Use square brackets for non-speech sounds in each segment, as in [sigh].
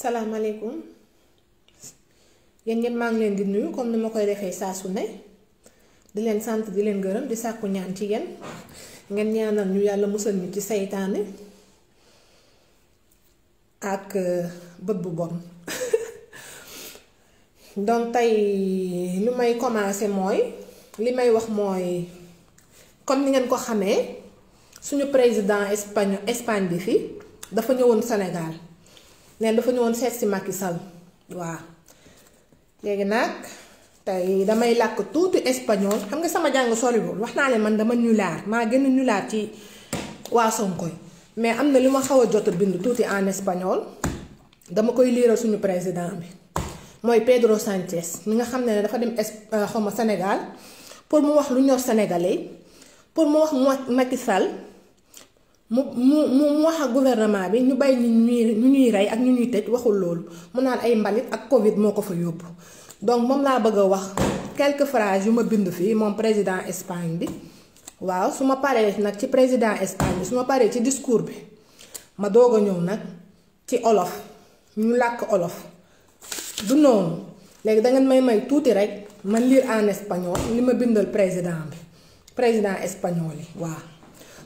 salaamaaleykum yéen ñëpp maa ngi leen di nuyu comme ni ma koy defee saa su ne di leen sant di leen gërëm di sàkku ñaan ci yéen ngeen ñaanal ñu yàlla musal ñu ci seytaane ak euh, bët bu bon [laughs] donc tey lu may commencé mooy li may wax mooy comme ni ngeen ko xamee suñu président Espagne Espagne bi fi dafa ñëwoon senegaal neen dafa ñëwoon seet si Macky Sall waaw léegi nag tey damay làkk tuuti espagnol xam nga sama jàng soriwul wax naa leen man dama ñulaar maa gën a ñulaar ci waa Sonko mais am na lu ma xaw a jot bind tuuti en espagnol dama koy liiral suñu président bi mooy Pedro Sánchez mi nga xam ne dafa dem euh, xaw ma senegal pour mu wax lu ñor sénégalais pour mu wax Macky Sall mu mu mu wax ak gouvernement bi ñu bay ñu ñuy ñu ñuy rey ak ñu ñuy tëj waxul loolu mu naan ay mbalit ak Covid moo ko fa yóbbu donc moom laa bëgg a wax quelques phrases yu ma bind fii moom président Espagne bi waaw su ma paree nag ci président Espagne bi su ma paree ci discours bi ma doog a ñëw nag ci olof ñu làkk olof du noonu léegi da ngeen may may tuuti rek ma lire en espagnol li ma bindal président bi président espagnol yi waaw.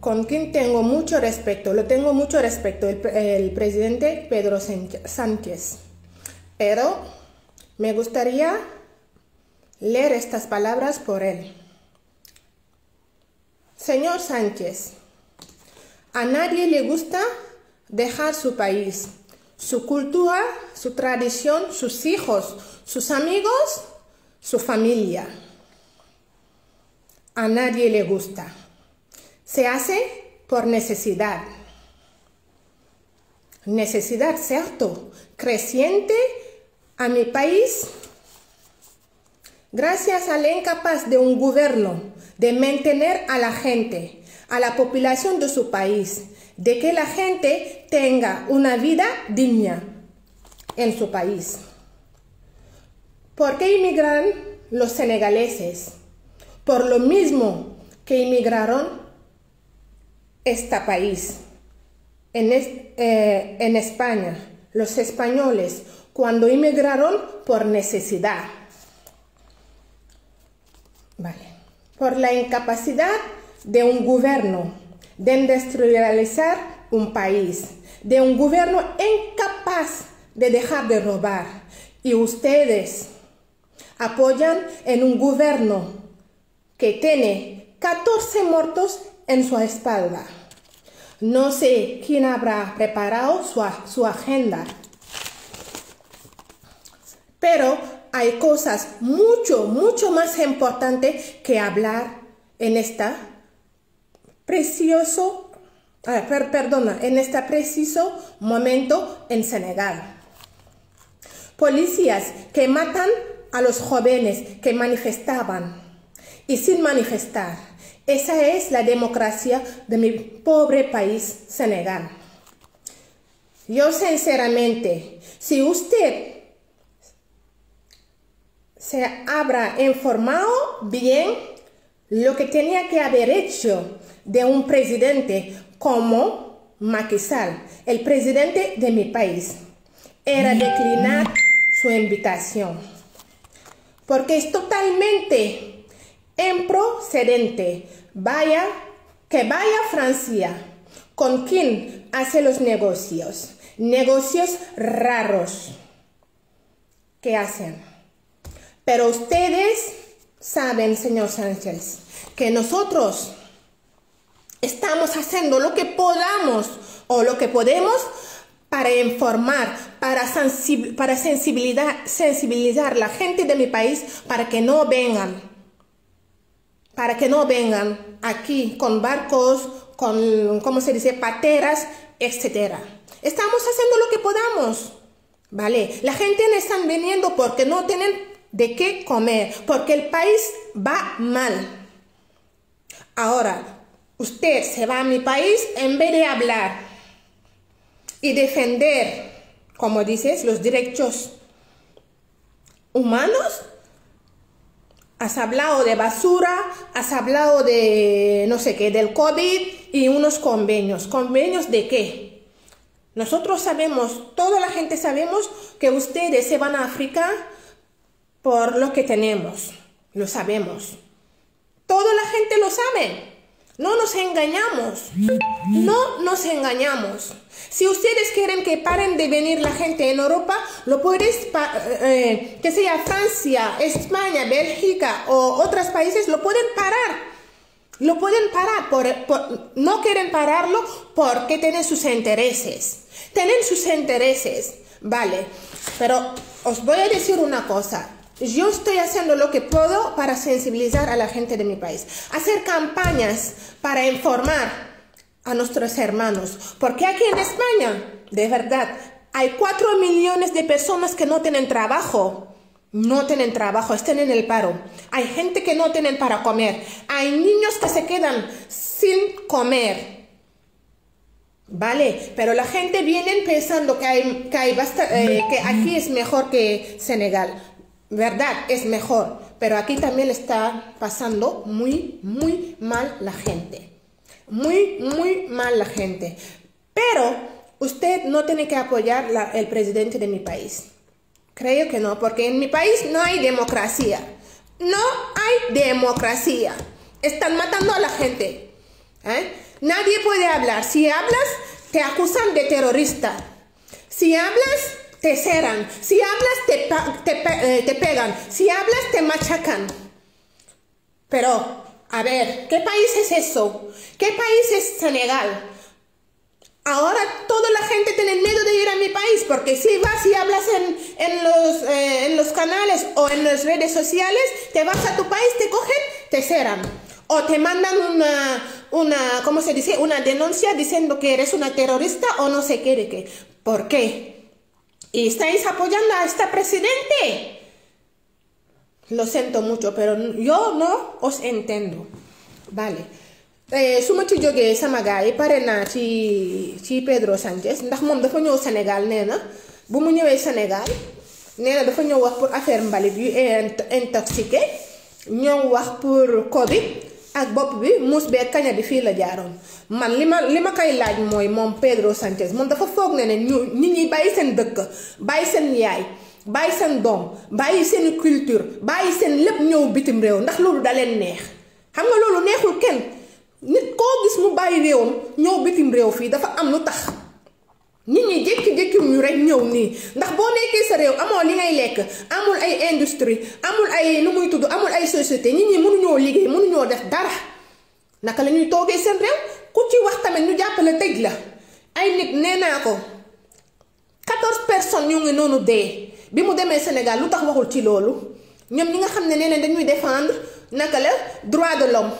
con quien tengo mucho respeto, lo tengo mucho respeto, el, presidente Pedro Sánchez. Pero me gustaría leer estas palabras por él. Señor Sánchez, a nadie le gusta dejar su país, su cultura, su tradición, sus hijos, sus amigos, su familia. A nadie le gusta. Se hace por necesidad. Necesidad, ¿cierto? Creciente a mi país gracias a la incapaz de un gobierno de mantener a la gente, a la población de su país, de que la gente tenga una vida digna en su país. ¿Por qué inmigran los senegaleses? Por lo mismo que inmigraron este país. Eh, en, España, los españoles cuando inmigraron por necesidad, por la incapacidad de un gobierno de industrializar un país, de un gobierno incapaz de dejar de robar. Y ustedes apoyan en un gobierno que tiene 14 muertos en su espalda. No sé quién habrá preparado su, agenda, pero hay cosas mucho, mucho más importantes que hablar en esta precioso, en este preciso momento en Senegal. Policías que matan a los jóvenes que manifestaban y sin manifestar esa es la democracia de mi pobre país, Senegal. Yo sinceramente, si usted se habrá informado bien lo que tenía que haber hecho de un presidente como Macky Sall, el presidente de mi país, era declinar su invitación, porque es totalmente improcedente Vaya, que vaya a Francia. ¿Con quién hace los negocios? Negocios raros. que hacen? Pero ustedes saben, señor Sánchez, que nosotros estamos haciendo lo que podamos o lo que podemos para informar, para, sensibilizar, sensibilizar la gente de mi país para que no vengan para que no vengan aquí con barcos, con, ¿cómo se dice?, pateras, etc. Estamos haciendo lo que podamos, ¿vale? La gente no está viniendo porque no tienen de qué comer, porque el país va mal. Ahora, usted se va a mi país en vez de hablar y defender, como dices, los derechos humanos, has hablado de basura, has hablado de no sé qué, del COVID y unos convenios. ¿Convenios de qué? Nosotros sabemos, toda la gente sabemos que ustedes se van a África por lo que tenemos. Lo sabemos. Toda la gente lo sabe. No nos engañamos. No nos engañamos. Si ustedes quieren que paren de venir la gente en Europa, lo puedes, eh, eh, que sea Francia, España, Bélgica o otros países, lo pueden parar. Lo pueden parar, por, no quieren pararlo porque tienen sus intereses. Tienen sus intereses, vale. Pero os voy a decir una cosa. Yo estoy haciendo lo que puedo para sensibilizar a la gente de mi país. Hacer campañas para informar a nuestros hermanos. Porque aquí en España, de verdad, hay cuatro millones de personas que no tienen trabajo. No tienen trabajo, están en el paro. Hay gente que no tienen para comer. Hay niños que se quedan sin comer. Vale, pero la gente viene pensando que, hay, que, eh, que aquí es mejor que Senegal. ¿Verdad? Es mejor. Pero aquí también está pasando muy, muy mal la gente. Muy, muy mal la gente. Pero usted no tiene que apoyar el presidente de mi país. Creo que no, porque en mi país no hay democracia. No hay democracia. Están matando a la gente. ¿eh? Nadie puede hablar. Si hablas, te acusan de terrorista. Si hablas, te ceran. Si hablas, te, eh, te pegan. Si hablas, te machacan. Pero a ver, ¿qué país es eso? ¿Qué país es Senegal? Ahora toda la gente tiene miedo de ir a mi país porque si vas y hablas en, en, los, eh, canales o en las redes sociales, te vas a tu país, te cogen, te cerran. O te mandan una, una, ¿cómo se dice? Una denuncia diciendo que eres una terrorista o no sé qué de qué. ¿Por qué? ¿Y estáis apoyando a esta presidente? Lo siento mucho, pero yo no os entiendo. Vale. Eh, Suma su ma ci jógee sama si yi ci ci Pedro Sanchez ndax mom dafa Senegal Sénégal néna. bu mu ñëwee Sénégal néna dafa ñëw wax pour affaire mbalit yu intoxiqué eh, ñëw wax pour Covid ak bop bi muus kaña bi fi la jaaroon man lima lima kay laaj moy mom Pedro Sanchez mom dafa fogg ne ne ñu ñi bayi sen dëkk bayi sen yaay bàyyi seen doom bàyyi seen culture bàyyi seen lépp ñëw bitim réew ndax loolu da leen neex xam nga loolu neexul kenn nit koo gis mu bàyyi réewam ñëw bitim réew fii dafa am lu tax nit ñi jékki-jékki ñu rek ñëw nii ndax boo nekkee sa réew amoo li ngay lekk amul ay industrie amul ay lu muy tudd amul ay société nit ñi mënuñoo liggéey mënuñoo def dara naka la ñuy toogee seen réew ku ci wax tamit ñu jàppale tëj la ay nit nee naa ko quatorze personnes ñu ngi noonu dee bi mu demee Sénégal lu tax waxul ci loolu ñoom ñi nga xam ne nee nañ dañuy défendre naka la droit de l'homme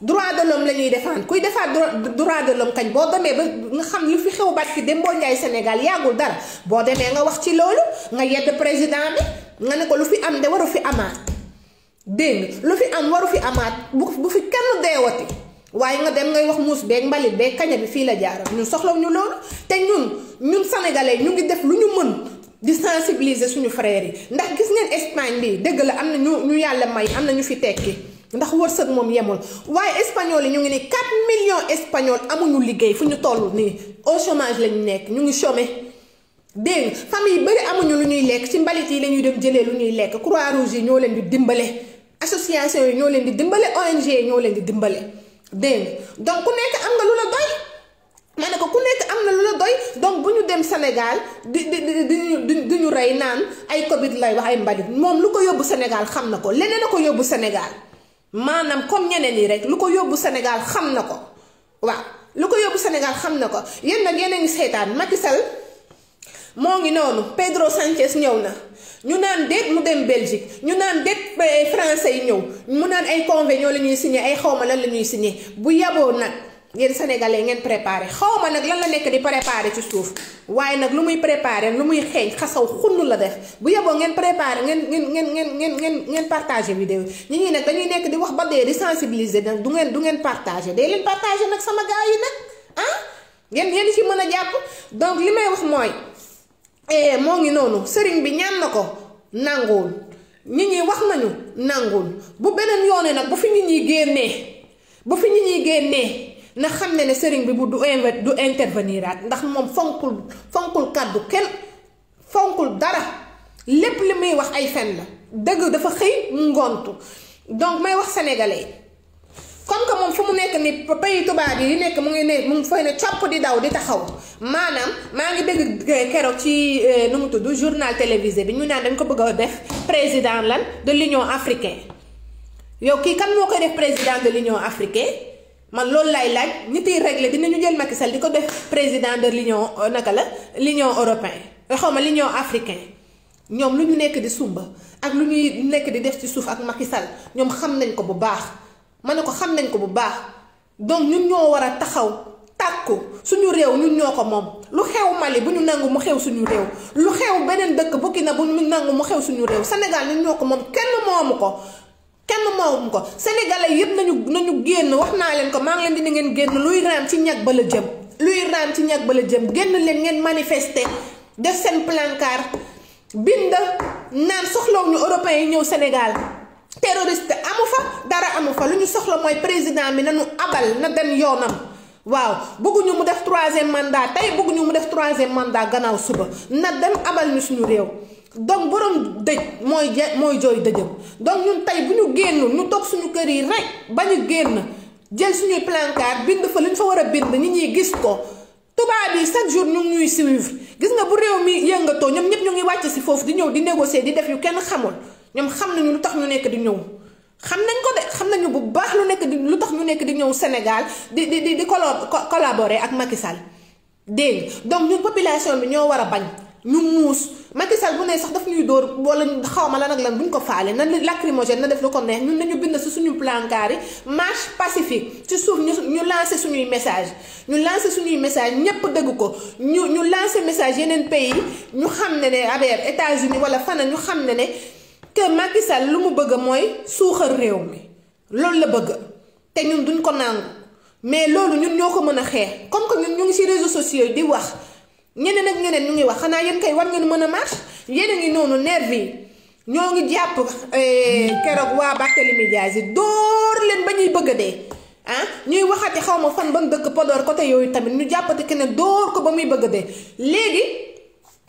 droit de l'homme la ñuy défendre kuy defaat droit de l'homme kañ boo demee ba nga xam lu fi xew barki dem boo njaay Sénégal yàggul dara boo demee nga wax ci loolu nga yedd président bi nga ne ko lu fi am de waru fi amaat dégg lu fi am waru fi amaat bu bu fi kenn deewati waaye nga dem ngay wax muus beeg mbalit beeg kaña bi fii la jaaram ñun soxlaw ñu loolu te ñun ñun sénégalais ñu ngi def lu ñu mën di sensibiliser suñu frères yi ndax gis neen Espagne bi dëgg la am na ñu ñu yàlla may am na ñu fi tekki ndax wërsëg moom yemul waaye espagnol yi ñu ngi ne 4 millions espagnol amuñu liggéey fu ñu toll nii au chômage lañu nekk ñu ngi chômé dégg nga famille yu bëri amuñu lu ñuy lekk ci mbalit yi la ñuy dem jëlee lu ñuy lekk croix rouge yi ñoo leen di dimbale association yi ñoo leen di dimbale ONG yi ñoo leen di dimbale dégg donc ku nekk am nga lu la doy. ma ne ko ku nekk am na lu la doy donc bu ñu dem Sénégal di di di di ñu rey naan ay Covid lay wax ay mbalit moom lu ko yóbbu Sénégal xam na ko leneen a ko yóbbu Sénégal maanaam comme ñeneen yi rek lu ko yóbbu Sénégal xam na ko waaw lu ko yóbbu Sénégal xam na ko yéen nag yéen a ngi seetaan Macky moo ngi noonu Pedro Sanchez ñëw na ñu naan déet mu dem Belgique ñu naan déet eh, français yi ñëw mu naan ay convention la ñuy signé ay xawma lan la ñuy signé bu yaboo nag. yéen sénégalais ngeen préparé xaw ma nag lan la nekk di préparé ci suuf waaye nag lu muy préparé lu muy xeeñ xasaw xunn la def bu yeboo ngeen préparé ngeen ngeen ngeen ngeen ngeen ngeen ngeen partagé vidéo ñi ñi nag dañuy nekk di wax ba dee di sensibiliser nag du ngeen du ngeen partagé day leen partagé nag sama gars yi nag ah ngeen ngeen ci mën a jàpp donc li may wax mooy eh, moo ngi noonu sëriñ bi ñaan na ko nanguwul nit ñi wax nañu nanguwul bu beneen yoone nag bu fi nit ñi génnee bu fi nit ñi génnee. na xam ne ne sëriñ bi bu du du intervenir at ndax moom fonkul fonkul kàddu kenn fonkul dara lépp li muy wax ay fen la dëgg dafa xëy ngontu donc may wax sénégalais comme que moom fu mu nekk ni pays tubaab yi nekk mu ngi ne mu ngi fay ne copp di daw di taxaw maanaam maa ngi dëgg eh, keroog ci eh, nu mu tudd journal télévisé bi ñu naan dañ ko bëgg a def président lan de l'union africaine yow kii kan moo koy def président de l'union africaine man loolu lay laaj ñi tey réglé dinañu jël Macky Sall di ko def président de l'union euh, naka la l'union européen euh, xaw ma l'union africain ñoom lu ñu nekk di sumba ak lu ñuy nekk di def ci suuf ak Macky Sall ñoom xam nañ ko bu baax ma ne ko xam nañ ko bu baax donc ñun ñoo war a taxaw tàkku suñu réew ñun ñoo ko moom lu xew Mali bu ñu nangu mu xew suñu réew lu xew beneen dëkk na bu ñu nangu mu xew suñu réew Sénégal ñun ñoo ko moom kenn moomu ko kenn moom ko sénégalais yëpp nañu nañu génn wax naa leen ko maa ngi leen di ngeen génn luy raam ci ñag ba la jëm luy raam ci ñag ba la jëm génn leen ngeen manifeste def seen pancarte bind naan soxlawu ñu européens yi ñëw Sénégal terroriste amu fa dara amu fa lu ñu soxla mooy président bi nañu abal na dem yoonam. waaw bëgguñu mu def troisième mandaa tey bëgguñu mu def troisième mandaa gannaaw suba na dem abal ñu suñu réew donc borom dëj mooy je mooy jooy dëjëm donc ñun tey bu ñu génn ñu toog suñu kër yi rek ba ñu génn jël suñuy pancarte bind fa li ñu fa war a bind nit ñi gis ko tubaab yi chaque jour ñu ngi ñuy suivre gis nga bu réew mi yëngatoo ñoom ñëpp ñu ngi wàcc si foofu di ñëw di négocier di def yu kenn xamoon ñoom xam nañu lu tax ñu nekk di ñëw. xam nañ ko de xam bu baax lu nekk lu tax ñu Sénégal di di di collaborer ak Macky Sall donc ñun population bi ñoo war bañ ñu muus Macky bu ne sax daf ñuy dóor wala xawma lan ak lan buñ ko faale na lacrymogène na def lu ko neex ñun nañu bind suñu marche pacifique ci suuf ñu ñu message ñu lancé suñuy message ñépp dëgg ko ñu ñu lancé message yeneen pays ñu xam ne ne États-Unis wala ñu que Macky Sall lu mu bëgg mooy suuxal réew mi loolu la bëgg te ñun duñ ko nangu mais loolu ñun ñoo ko mën a xeex comme que ñun ñu ngi ci réseaux sociaux yi di wax ñeneen ak ñeneen ñu ngi wax xanaa yéen kay war ngeen mën a marche yéen a ngi noonu nervi yi ñoo ngi jàpp eh, keroog waa Barthélemy Dias yi dóor leen ba ñuy bëgg a dee ah ñuy waxati xaw ma fan ban dëkk Podor côté yooyu tamit ñu jàppati keneen dóor ko ba muy bëgg de léegi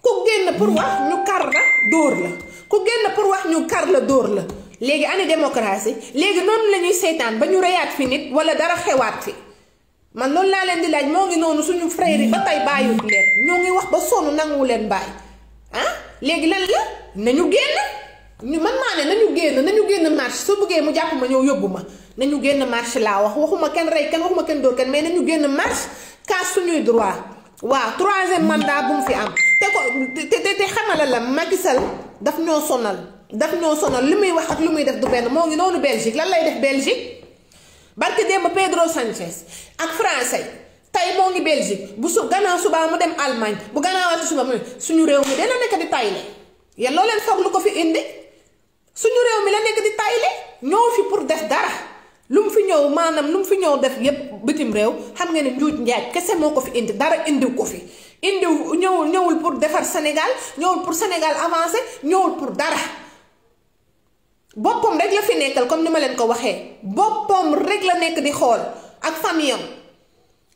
ku génn pour wax ñu kar la dóor la. كوجين بور واخ نيو كار لا دور لا ليغي انا ديموكراسي ليغي نون لا نيو سيطان با نيو رياات في نيت ولا دارا خيوات في ما نون لا لين دي لاج موغي نونو سونو فريري با تاي بايو لين نيوغي واخ با سونو نانغو لين باي ها ليغي لان لا نانيو ген ني مان ما ني نانيو ген نانيو ген مارش سو بوغي مو جاب ما نيو يوبوما نانيو ген مارش لا واخ واخوما كين ري كين واخوما دور كين مي نانيو ген مارش كا سونو دروا وا 3 مانداب في ام تي تي تي خمال لا ماكي سال daf ñoo sonal daf ñoo sonal li muy wax ak lu muy def du benn moo ngi noonu Belgique lan lay def Belgique barke démb Pedro Sanchez ak français tey moo ngi Belgique bu su gannaaw subaa mu dem Allemagne bu gannaawaati suba mu suñu réew mi dana nekk di tayle yéen loo leen foog lu ko fi indi suñu réew mi la nekk di tayle ñoo fi pour def dara lu mu fi ñëw maanaam lu mu fi ñëw def yépp bitim réew xam nga ne njuuj njaaj kese moo ko fi indi dara indiw ko fi indiw ñëwul ñëwul pour defar Sénégal ñëwul pour Sénégal avancé ñëwul pour dara boppam rek la fi nekkal comme ni ma leen ko waxee boppam rek la nekk di xool ak famille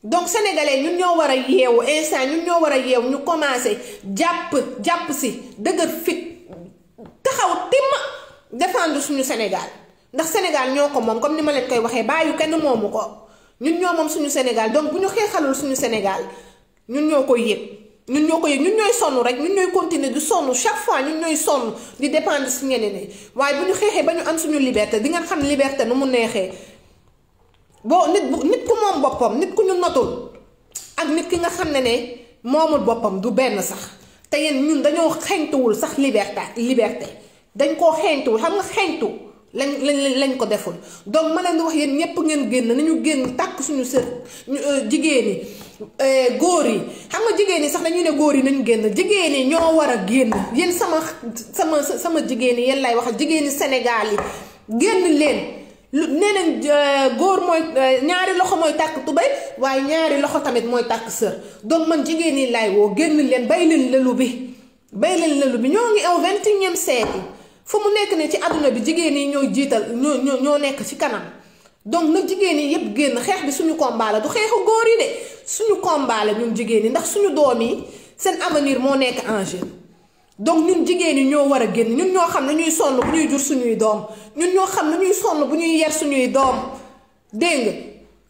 donc sénégalais ñun ñoo war a yeewu instant ñun ñoo war a yeewu ñu commencé jàpp jàpp si dëgër fit taxaw timm défendre suñu Sénégal ndax Sénégal ñoo ko moom comme ni ma leen koy waxee bàyyi kenn moomu ko ñun ñoo moom suñu Sénégal donc bu ñu xeexalul suñu Sénégal. ñun ñoko koy ñun ñoko ko ñun ñoy sonu rek ñun ñoy continuer du sonu chaque fois ñun ñoy sonu di dépendre ci ñeneen ñi waaye bu ñu xeexee am suñu liberté di nga xam liberté nu mu nexé bo nit nit ku mom bopam nit ku ñu notul ak nit ki nga xam ne ne moomul du ben sax te yéen ñun dañoo xeeñtuwul sax liberté liberté dañ ko xeeñtuwul xam nga xeeñtu lañ lañ lañ ko deful donc ma leen wax yéen ñëpp ngeen génn nañu génn tàkk suñu sër euh, jigéen yi euh, góor yi xam nga jigéen yi sax dañuy ne góor yi nañu génn jigéen yi ñoo war a génn yéen sama sama sama jigéen yéen lay wax jigéen yi Sénégal yi génn leen lu nee nañ euh, góor mooy ñaari loxo mooy tàkk tubéy waaye ñaari loxo tamit mooy tàkk sër donc man jigéen yi lay woo génn leen bay leen lëlu bi bay leen lëlu bi ñoo ngi aw vingt et unième siècle fu mu nekk nii ci àdduna bi jigéen ñi ñoo jiital ñoo ñoo nekk ci kanam donc na jigéen ñi yëpp génn xeex bi suñu combat la du xeexu góor yi de suñu combat la ñun jigéen ñi ndax suñu doom yi seen avenir moo nekk en jeu donc ñun jigéen ñi ñoo war a génn ñun ñoo xam ne ñuy sonn bu ñuy jur suñuy doom ñun ñoo xam ne ñuy sonn bu ñuy yar suñuy doom dégg nga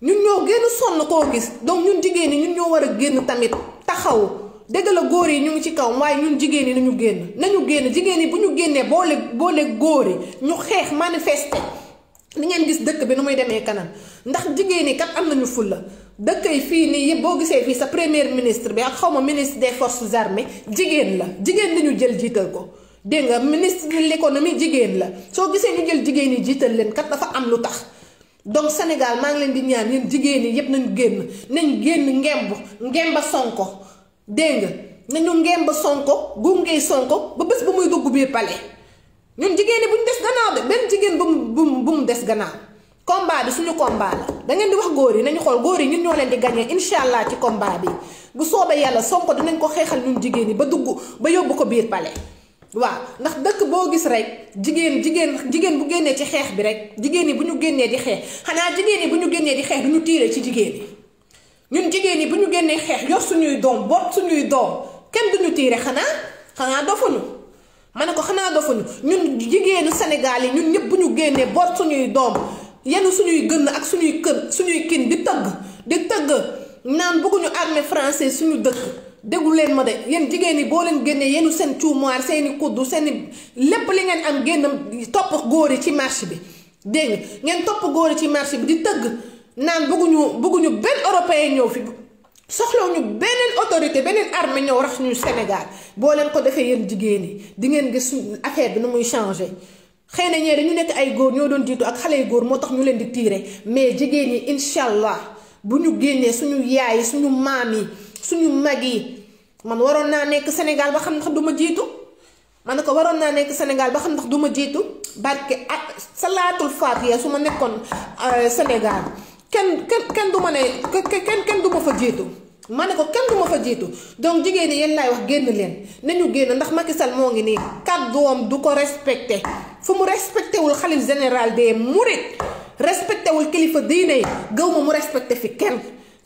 ñun ñoo gën a sonn koo gis donc ñun jigéen ñi ñun ñoo war a génn tamit taxaw dëgg la góor yi ñu ngi ci kaw waaye ñun jigéen ñi nañu génn nañu génn jigéen yi bu ñu génnee boole boole góor yi ñu xeex manifester li ngeen gis dëkk bi nu muy demee kanam ndax jigéen yi kat am nañu fulla dëkk yi fii nii yëpp boo gisee fii sa premier ministre bi ak xaw ma ministre des forces armées jigéen la jigéen la ñu jël jiital ko. dégg nga ministre de l'économie jigéen la soo gisee ñu jël jigéen yi jiital leen kat dafa am lu tax. donc Sénégal maa ngi leen di ñaan yéen jigéen yi yëpp nañu génn nañ génn ngemb ngemba Sonko. dégg nga nañu ngeen ba sonko gunge sonko ba bés ba muy dugg biir palais ñun jigéen ñi bu ñu des gannaaw de benn jigéen bu mu bu mu des gannaaw combat bi suñu combat la da ngeen di wax góor yi nañu xool góor yi ñun ñoo leen di gagné incha allah ci combat bi bu soobee yàlla sonko dinañ ko xeexal ñun jigéen ñi ba dugg ba yóbbu ko biir palais. waaw ndax dëkk boo gis rek jigéen jigéen jigéen bu génnee ci xeex bi rek jigéen ñi bu ñu génnee di xeex xanaa jigéen yi bu ñu génnee di xeex ñu tiire ci jigéen ñi ñun jigéen ñi bu ñu génnee xeex yor suñuy doom boot suñuy doom kenn duñu tiire xanaa xanaa dofuñu ma ne ko xanaa dofuñu ñun jigéenu Sénégal yi ñun ñëpp bu ñu génnee boot suñuy doom yenn suñuy gën ak suñuy kër suñuy kin di tëgg di tëgg naan bëgguñu armee français suñu dëkk déglu leen ma de yéen jigéen ñi boo leen génnee yéenu seen cuumaar seeni kuddu seeni lépp li ngeen am génn topp góor yi ci marché bi dégg ngeen topp góor yi ci marché bi di tëgg naan bëgguñu bëgguñu benn européen ñëw fi ñu beneen autorité beneen armée ñëw rax ñu Sénégal boo leen ko defee yéen jigéen ñi di ngeen gis affaire bi nu muy changé xëy na ñee ñu nekk ay góor ñoo doon jiitu ak xale yu góor moo tax ñu leen di tiire mais jigéen ñi incha allah bu ñu génnee suñu yaay suñu maam yi suñu mag yi man waroon naa nekk Sénégal ba xam ndax du ma jiitu man ne ko waroon naa nekk Sénégal ba xam ndax du ma jiitu barke ak ah, salaatul faatiha su ma nekkoon euh, Sénégal. kenn kenn kenn du ma ne kenn kenn du ma fa jiitu ma ne ko kenn du ma fa jiitu donc jigéen ñi yéen laay wax génn leen nañu génn ndax Macky Sall moo ngi nii kàddoom du ko respecté fu mu respecté wul xalif général des mourides respecté wul kilifa diine yi gaw ma mu respecté fi kenn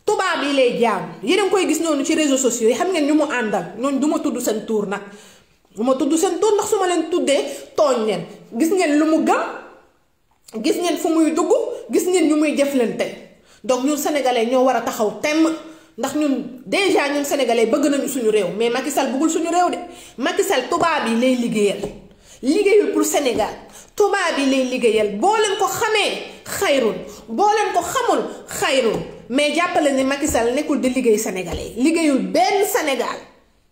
tubaab yi lay jaam yéen a ngi koy gis noonu ci réseaux sociaux yi xam ngeen ñu mu àndal ñooñu du ma tudd seen tuur nag du ma tudd seen tuur ndax su ma leen tuddee tooñ leen gis ngeen lu mu gëm. gis ngeen fu muy dugg gis ngeen ñu muy jëflante donc ñun sénégalais ñoo war a taxaw temm ndax ñun déjà ñun sénégalais bëgg nañu suñu réew mais Macky Sall bëggul suñu réew de Macky Sall tubaab yi lay liggéeyal liggéeyul pour senegal tubaab yi lay liggéeyal boo leen ko xamee xayrun boo leen ko xamul xayrun mais jàppale ni Macky Sall nekkul di liggéey sénégalais liggéeyul benn Sénégal.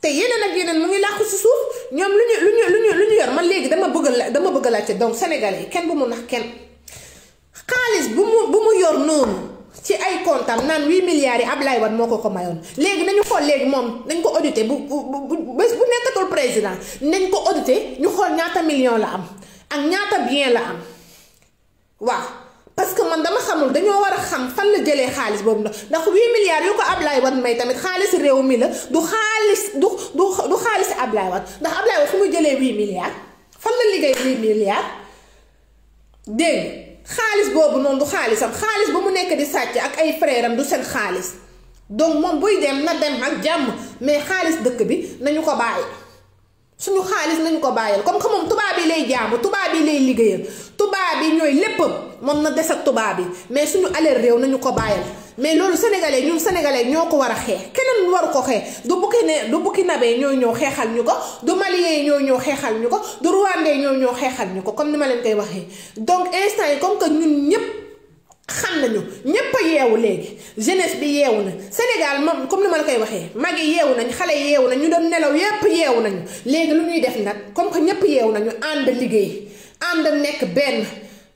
te yeneen ak yeneen mu ngi làqu si suuf ñoom lu ñu lu ñu lu ñu lu ñu yor man léegi dama bëgg la dama bëgg laajte donc sénégalais yi kenn bu mu nax kenn xaalis bu mu bu mu yor noonu ci ay comptam naan huit milliards yi Ablaye Wade moo ko ko mayoon léegi nañu xool léegi moom nañ ko audité bu bu bu bés bu nekkatul président nañ ko audité ñu xool ñaata million la am ak ñaata bien la am waaw parce que man dama xamul dañoo war a xam fan la jëlee xaalis boobu nag ndax huit milliards yu ko Ablaye Wade may tamit xaalis réew mi la du xaalis du du du xaalis Ablaye Wade ndax Ablaye Wade fu mu jëlee 8 milliards fan la liggéey 8 milliards dégg xaalis boobu noonu du xaalisam xaalis ba mu nekk di sàcc ak ay frère am du seen xaalis donc moom buy dem na dem ak jàmm mais xaalis dëkk bi nañu ko bàyyi. suñu xaaliss nañ ko bayal comme que tuba bi lay jaamu tuba bi lay liggéeyal tuba bi ñoy lepp mom na dess ak tuba bi mais suñu aller rew nañ ko bayal mais lolu sénégalais ñun sénégalais ñoko wara xé kenen xeex waru ko xé du buki ne du buki nabé ñoy ñoo xéxal ñuko du Malien ñoo xéxal ñuko ñu ko du Rwandais ñoo xéxal ñuko comme nima ma leen koy waxé donc instant yi comme que ñun ñëpp. xam nañu ñépp a yeewu léegi jeunesse bi yeewu na Sénégal moom comme ni ma la koy waxee mag yi yeewu nañ xale yeewu nañ ñu doon nelaw yépp yeewu nañu léegi lu ñuy def nag comme que ñépp yeewu nañu ànd liggéey ànd nekk benn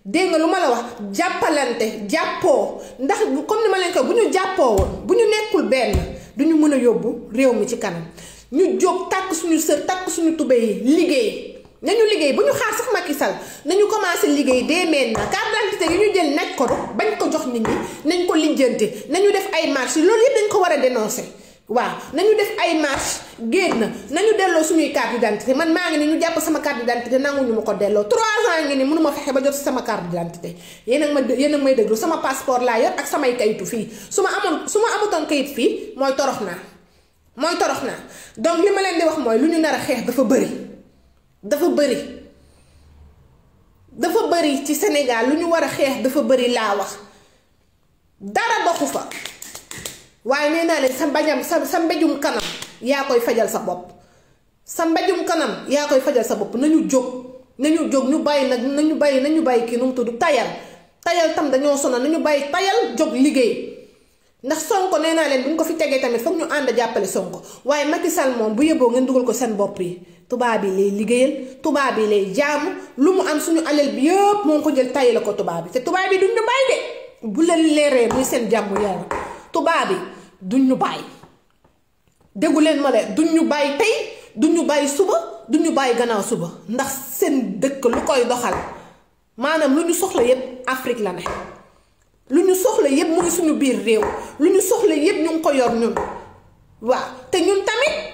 dégg lu ma la wax jàppalante jàppoo ndax comme ni ma leen ko bu ñu jàppoo woon bu ñu nekkul benn du ñu mën a yóbbu réew mi ci kanam ñu jóg takk suñu sër takk suñu tubéy yi liggéey nañu liggéey bu ñu xaar sax ma Sall nañu commencé liggéey dès maintenant carte d'identité yi ñu jël nañ ko bañ ko jox nit ñi nañ ko lijjanti nañu def ay marche loolu yëpp dañ ko war a dénoncer waaw nañu def ay marche génn nañu delloo suñuy carte d'identité man maa ngi ni ñu jàpp sama carte d'identité nanguñu ma ko delloo trois ans ngi ni mënuma fexe ba jot sama carte d'identité yéen a ma yéen déglu sama passeport laa yor ak samay kayitu fii su ma amoon su ma amutoon kayit fii mooy torox naa mooy torox naa donc li ma leen di wax mooy lu ñu nar a xeex dafa bëri dafa bari dafa bari ci Sénégal lu ñu war a xeex dafa bari laa wax dara doxu fa waaye nee naa leen sa mbajam sa sa mbéjum kanam yaa koy fajal sa bopp sa mbéjum kanam yaa koy fajal sa bopp nañu jóg nañu jóg ñu bàyyi nag nañu bàyyi nañu bàyyi kii nu mu tudd tayal tayal tam dañoo sonal ñu bàyyi tayal jóg liggéey ndax Sonko nee naa leen bu ñu ko fi tegee tamit foog ñu ànd jàppale Sonko waaye Macky Sall moom bu yeboo ngeen dugal ko seen bopp yi tubaab yi lay liggéeyal tubaab yi lay jaamu lu mu am suñu alal bi yëpp moo ngi ko jël tayale ko tubaab yi te tubaab yi duñ ñu bàyyi de bu la leeree muy seen jàmm yàlla tubaab yi duñ ñu bàyyi déggu leen ma de duñ ñu bàyyi tey duñ ñu bàyyi suba duñ ñu bàyyi gannaaw suba ndax seen dëkk lu koy doxal maanaam lu ñu soxla yëpp Afrique la ne lu ñu soxla yëpp mu ngi suñu biir réew lu ñu soxla yëpp ñu ngi ko yor ñun waaw te ñun tamit.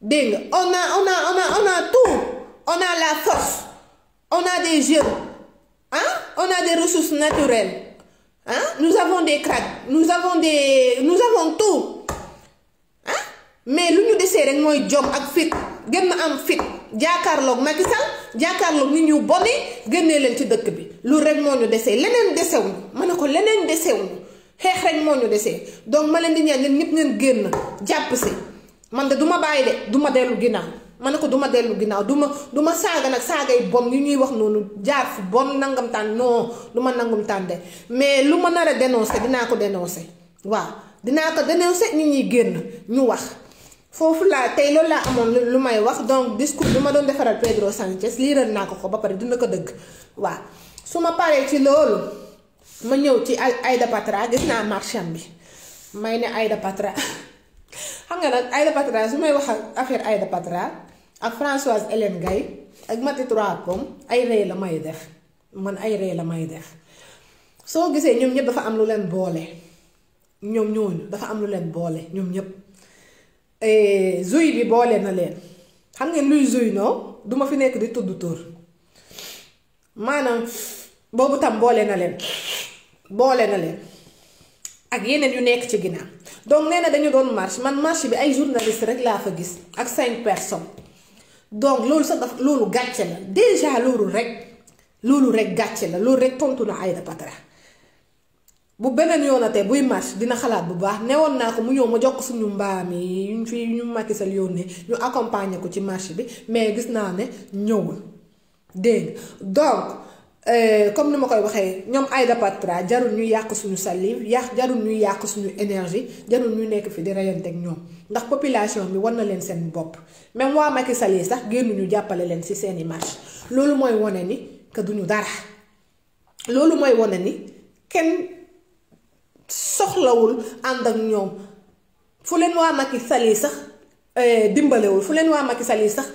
on a on a on a tout on a la force on a des jeunes hein? on a des ressources naturelles hein? nous avons des craques nous avons des nous avons tout Hein? mais lu de ces rek mooy ak fit a am fit fait, boni ci dëkk bi lu rek fait, donc ma fait, man de du ma bàyyi de du ma dellu ginnaaw ma ne ko du ma dellu ginnaaw du ma du ma saaga nag saagay bom yu ñuy wax noonu jaar fu bon nangamtaan tànn non du ma nangam tànn de mais lu ma nar a dénoncé dinaa ko dénoncé waaw dinaa ko dénoncé nit ñi génn ñu wax. foofu laa tey loolu laa amoon lu may wax donc discours bi ma doon defaral Pedro Sanchez liiral naa ko ko ba pare dina ko dëgg waaw su ma paree ci loolu ma ñëw ci Aïda Patra gis naa marchand bi may ne Aïda Patra. [laughs] xam nga nag Aïda Patra su may wax ak affaire Aïda Patra ak Françoise Hélène Gaye ak Mati Trois Pommes ay rey la may def man ay rey la may dex soo gisee ñoom ñëpp dafa am lu leen boole ñoom ñooñu dafa am lu leen boole ñoom ñëpp e, zuy bi boole na leen xam ngeen luy zuy noo duma fi nekk di tudd tur maanaam boobu tam boole na leen boole na leen ak yeneen yu nekk ci ginnaaw donc nee dañu doon marche man marche bi ay journaliste rek laa fa gis ak cinq personnes donc loolu sax daf loolu gàcce la déjà loolu rek loolu rek gàcce la loolu rek tontu na Aïda Patra bu beneen yoonatee buy marche dina xalaat bu baax newoon naa ko mu ñëw ma jox ko suñu mbaam yi ñu fi ñu Macky Sall yónnee ñu accompagner ko ci marche bi mais gis naa ne ñëwul dégg donc. Euh, comme ni ma koy waxee ñoom Aïda Patra jarul ñu yàq suñu salive yàq jarul ñu yàq suñu énergie jarul ñu nekk fi di reyante ak ñoom ndax population bi war na leen seen bopp même waa Macky Sall yi sax génnuñu jàppale leen ci seeni marche loolu mooy wane ni que duñu dara loolu mooy wane ni kenn soxlawul ànd ak ñoom fu leen waa Macky Sall yi sax euh, dimbalewul fu leen waa Macky Sall yi sax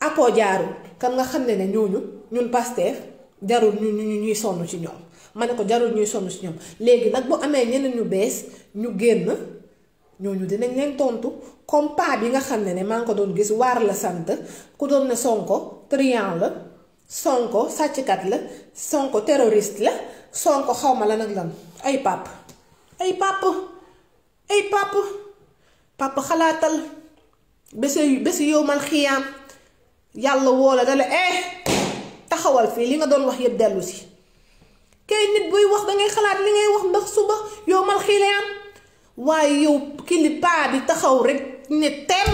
appo jaarul kan nga xam ne ne ñooñu ñun Pastef jarul ñu ñu ñuy sonn ci ñoom ma ne ko jarul ñuy sonn ci ñoom léegi nag bu amee ñeneen ñu bees ñu génn ñooñu dinañ leen tontu comme paa bi nga xam ne ne maa ngi ko doon gis waar la sant ku doon ne sonko triant la sonko sàcckat la sonko terroriste la sonko xaw ma lan ak lan ay pàpp ay pàpp ay pàpp pàpp xalaatal bési bési yow mal xiyaam yàlla woo la dala eh taxawal fi li nga doon wax yeb delu ci kay nit buy wax da ngay xalaat li ngay wax ndax suba yo mal xile am waaye yow pa bi taxaw rek ne temm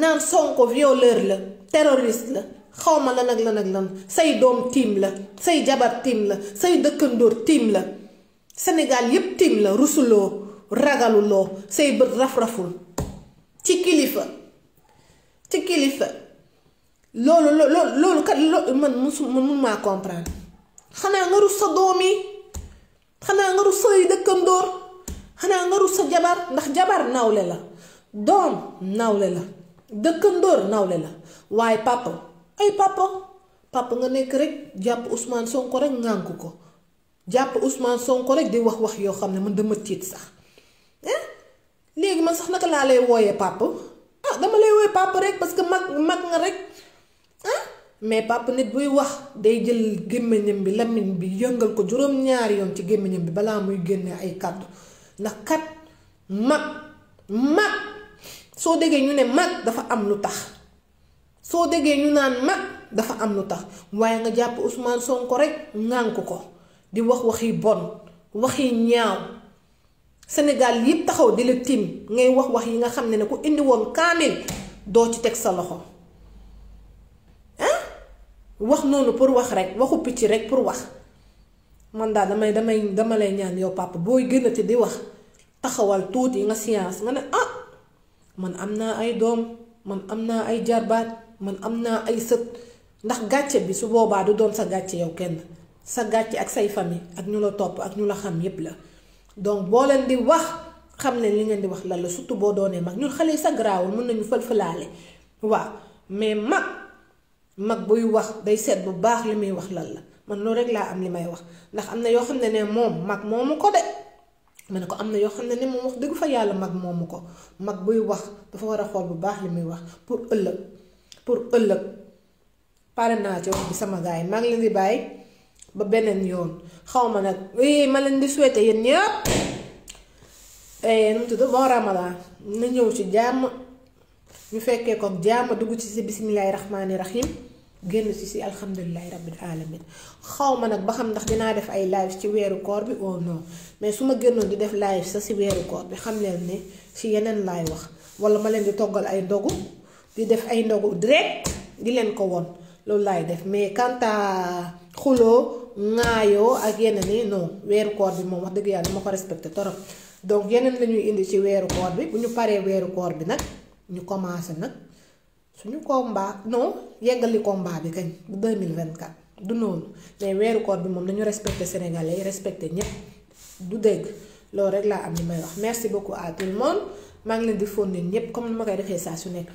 naan sonko violeur la terroriste la xawma la nak la nak lan say dom tim la say jabar tim la say dëkkandoor tim la Sénégal yeb tim la rusulo ragalulo say bët raf-raful ci kilifa ci kilifa loolu loolu loolu man musu man mun maa comprendre xanaa nga rus sa doom yi xanaa nga rus say dëkkandoor xanaa nga sa jabar ndax jabar nawle la doom nawle la dëkkandoor nawle la waaye papa ay papa papa nga nekk rek jàpp Ousmane Sonko rek ŋànk ko jàpp Ousmane Sonko rek di wax wax yoo xam ne man dama tiit sax eh léegi man sax naka laa lay wooyee papa ah dama lay wooyee papa rek parce que mag mag nga rek. mais papa nit buy wax day jël gémmiñam bi lamiñ bi yëngal ko juróom ñaar yoon ci gémmiñam bi balaa muy génne ay kàddu ndax kat mag mag soo déggee ñu ne mag dafa am lu tax soo déggee ñu naan mag dafa am lu tax waaye nga jàpp Ousmane Sonko rek ŋànk ko di wax waxi bon waxi ñaaw Sénégal yépp taxaw di la tiim ngay wax wax yi nga xam ne ne ku indi woon kaamil doo ci teg sa loxo wax noonu pour wax rek waxu picc rek pour wax man daal damay damay dama lay ñaan yow papa booy gënati di wax taxawal tuuti nga science nga ne ah man am naa ay doom man am naa ay jarbaat man am naa ay sët ndax gàcce bi su boobaa du doon sa gàcce yow kenn sa gàcce ak say famille ak ñu la topp ak ñu la xam yépp la donc boo leen di wax xam ne li ngeen di wax lan surtout boo doonee mag ñun xale sa garaawul mën nañu fël-fëlaale waaw mais mag mag buy wax day seet bu baax li muy wax lan la man loolu rek laa am li may wax ndax am na yoo xam ne ne moom mag moomu ko de ma ne ko am na yoo xam ne ne moom wax dëgg fa yàlla mag moomu ko mag buy wax dafa war a xool bu baax li muy wax pour ëllëg pour ëllëg pare naa ci wax bi sama gars yi maa ngi leen di bàyyi ba beneen yoon xaw ma nag eh, ma leen di souhaité yéen ñëpp eh, nu mu tudd bon ramadan na ñëw ci jàmm. ñu fekkee ko jaama dugg ci si bisimilahi rahmaani rahim génn ci si alhamdulilahi rabbil alamin xaw ma nag ba xam ndax dinaa def ay live ci weeru koor bi oh non mais su ma génnoon di def live sa si weeru koor bi xam leen ne si yeneen laay wax wala ma leen di toggal ay ndogu di def ay ndogu direct di leen ko won loolu laay def mais quant à xuloo ŋaayoo ak yeneen yi non weeru koor bi moom wax dëgg yàlla ma ko respecté torop donc yeneen la ñuy indi ci weeru koor bi bu ñu paree weeru koor bi nag ñu commencé nag su ñu suñu combat non yeggali combat bi kañ vingt 2024 du noonu mais weeru koor bi moom nañu respecté sénégalais respecté ñëpp du dégg loolu rek laa am li may wax merci beaucoup à tout le monde maa ngi leen di fóon ñëpp comme ni ma koy defee saa su nekk